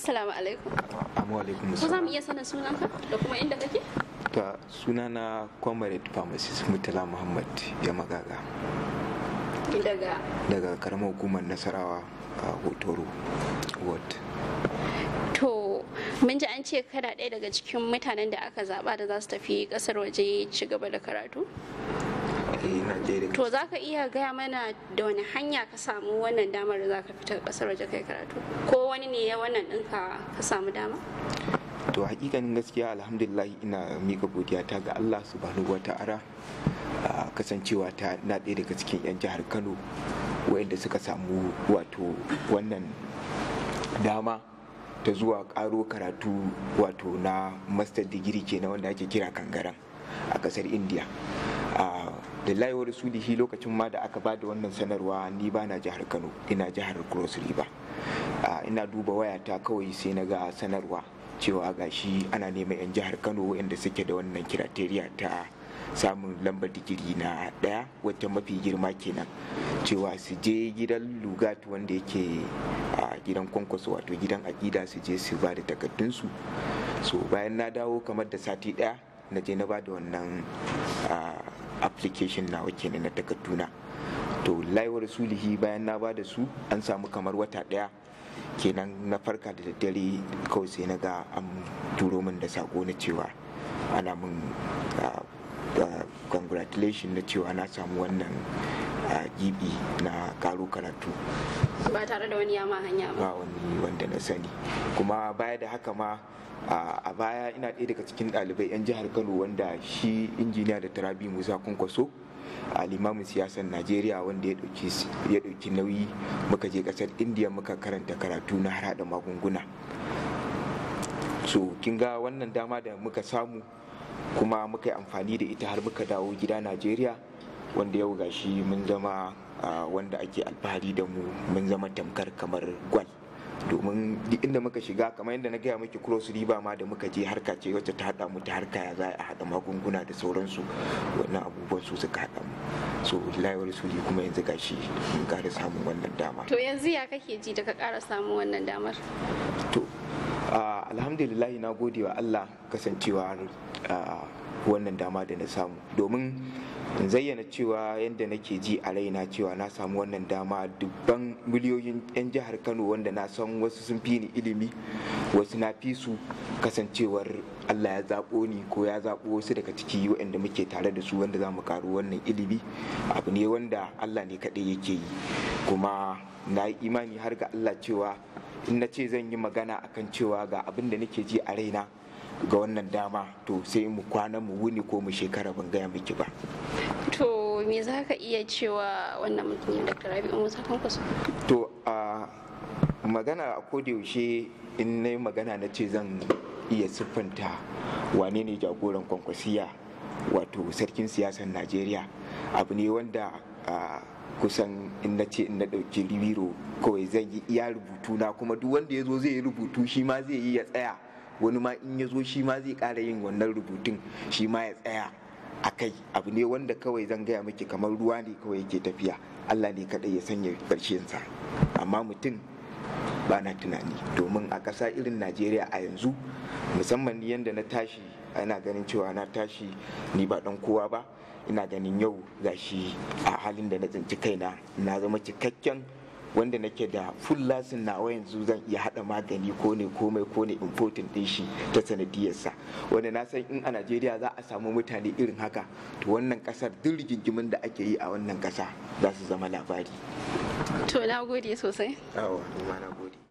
Assalamu alaikum. Assalamu alaikum. Ko za mu iya sanin sunanka da kuma inda kake? Ta sunana Comrade Pharmacist Mutala Muhammad ya magaga. Daga? Daga karamar hukumar Nasarawa a Hotoro Ward. To, mun ji an ce kana ɗaya daga cikin mutanen da aka zaɓa da za su tafi ƙasar waje ci gaba da karatu? Eh, to za ka iya gaya mana da wani hanya ka samu wannan damar da za ka fita kasar waje kai karatu? Ko wani ne ya wannan ɗinka ka samu dama? To hakikanin gaskiya alhamdulillah ina mika godiya ta ga Allah subhanahu wata'ala kasancewa ta na ɗaya daga cikin 'yan jihar Kano wayanda suka samu wato wannan dama ta zuwa ƙaro karatu wato na master digiri kenan wanda ake kira kangaran a ƙasar india a su da shi lokacin ma da aka ba da wannan sanarwa ni ba na jihar kano ina jihar cross river ina duba waya ta kawai sai na ga sanarwa cewa gashi ana neman 'yan jihar kano inda suke da wannan kirateriya ta samun lambar digiri na daya wata mafi girma kenan cewa su je gidan lugat wanda yake a gidan kwankwaso wato gidan akida su je su ba da takardunsu so bayan na dawo kamar da sati daya na je na ba da wannan application nawa kenan na takarduna to laiwar sulihi bayan na bada su an samu kamar wata daya kenan na farka da daddare kawai sai na ga an turo min da sako na cewa ana min congratulation na cewa na samu wannan gibi na karo karatu ba tare da wani yama hanya ba wani wanda na sani kuma baya da haka ma a baya ina ɗaya daga cikin ɗalibai 'yan jihar kano wanda shi injiniya da tarabi musa kwankwaso a limamin siyasar najeriya wanda ya ɗauki nauyi muka je ƙasar indiya muka karanta karatu na har haɗa magunguna so kin ga wannan dama da muka samu kuma muka yi amfani da ita har muka dawo gida najeriya wanda yau gashi mun zama wanda ake alfahari da mu mun zama tamkar kamar gwal domin duk inda muka shiga kamar yadda na gaya miki cross riba ma da muka je harka ce wacce ta hada mu ta harka ya za a hada magunguna da sauransu wannan abubuwan su suka hada mu so wani suli kuma yanzu gashi mun kara samun wannan dama to yanzu ya kake ji daga kara ƙara samun wannan damar to alhamdulillah na gode wa Allah kasancewa wannan dama da na samu domin in zayyana cewa yadda nake ji a raina cewa na samu wannan dama dubban miliyoyin 'yan jihar kano wanda na san wasu sun fi ni ilimi wasu na fi su kasancewar allah ya zaɓo ni ko ya zaɓo wasu daga ciki waɗanda muke tare da su wanda za mu karu wannan ilimi abu ne wanda allah ne kaɗai yake yi kuma na yi imani har ga allah cewa in na ce zan yi magana akan cewa ga abin da nake ji a raina ga wannan dama to sai mu kwana mu wuni ko mu shekara ban gaya miki ba me za ka iya cewa wannan mutumin dr rabi'u musa kwankwaso to a magana a kodayaushe in na yi magana na ce zan iya siffanta wane ne jagoran kwankwasiya wato sarkin siyasar najeriya abu ne wanda kusan in na ce in na ɗauki libiro kawai zan yi iya rubutu na kuma duk wanda ya zo zai yi rubutu shi ma zai yi ya tsaya wani ma in ya zo shi ma zai ƙara yin wannan rubutun shi ma ya tsaya kai abu ne wanda kawai zan gaya miki kamar ruwa ne kawai yake tafiya Allah ne kaɗai ya sanya sa amma mutum ba na tunani domin a ƙasa irin najeriya a yanzu musamman ni yadda na tashi ana ganin cewa na tashi ni ba dan kowa ba ina ganin yau gashi a halin da na tsinci kaina na zama cikakken wanda nake da full lasin nawa yanzu zan iya hada magani ko ne komai ko ne importin din shi ta sanadiyarsa wanda na san in a najeriya za a samu mutane irin haka to wannan kasar duk rigingimin da ake yi a wannan kasa za su zama labari to na gode sosai na gode